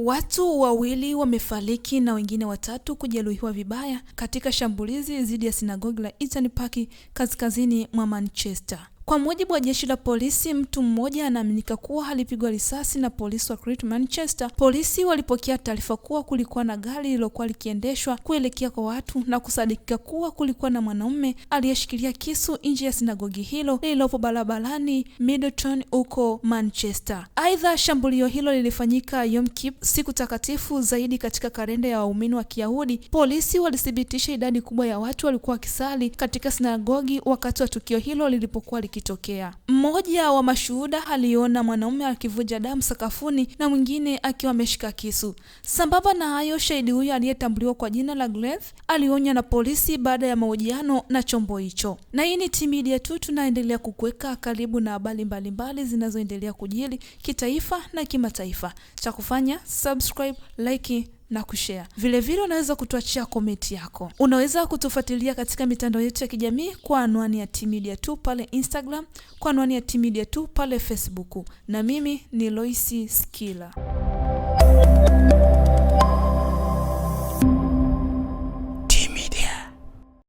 Watu wawili wamefariki na wengine watatu kujeruhiwa vibaya katika shambulizi dhidi ya sinagogi la Eastern Park kaskazini mwa Manchester. Kwa mujibu wa jeshi la polisi, mtu mmoja anaaminika kuwa alipigwa risasi na polisi wa Great Manchester. Polisi walipokea taarifa kuwa kulikuwa na gari lililokuwa likiendeshwa kuelekea kwa watu na kusadikika kuwa kulikuwa na mwanaume aliyeshikilia kisu nje ya sinagogi hilo lililopo barabarani Middleton huko Manchester. Aidha, shambulio hilo lilifanyika Yom Kippur, siku takatifu zaidi katika kalenda ya waumini wa Kiyahudi. Polisi walithibitisha idadi kubwa ya watu walikuwa wakisali katika sinagogi wakati wa tukio hilo lilipokuwa liki kikitokea. Mmoja wa mashuhuda aliona mwanaume akivuja damu sakafuni na mwingine akiwa ameshika kisu. Sambamba na hayo, shahidi huyo aliyetambuliwa kwa jina la Glenn alionya na polisi baada ya mahojiano na chombo hicho. Na hii ni Tmedia tu, tunaendelea kukuweka karibu na habari mbalimbali zinazoendelea kujili kitaifa na kimataifa. Cha kufanya subscribe, like na kushare. Vilevile unaweza kutuachia komenti yako. Unaweza kutufuatilia katika mitandao yetu ya kijamii kwa anwani ya Tmedia tu pale Instagram, kwa anwani ya Tmedia tu pale Facebook. Na mimi ni Loisi Skila.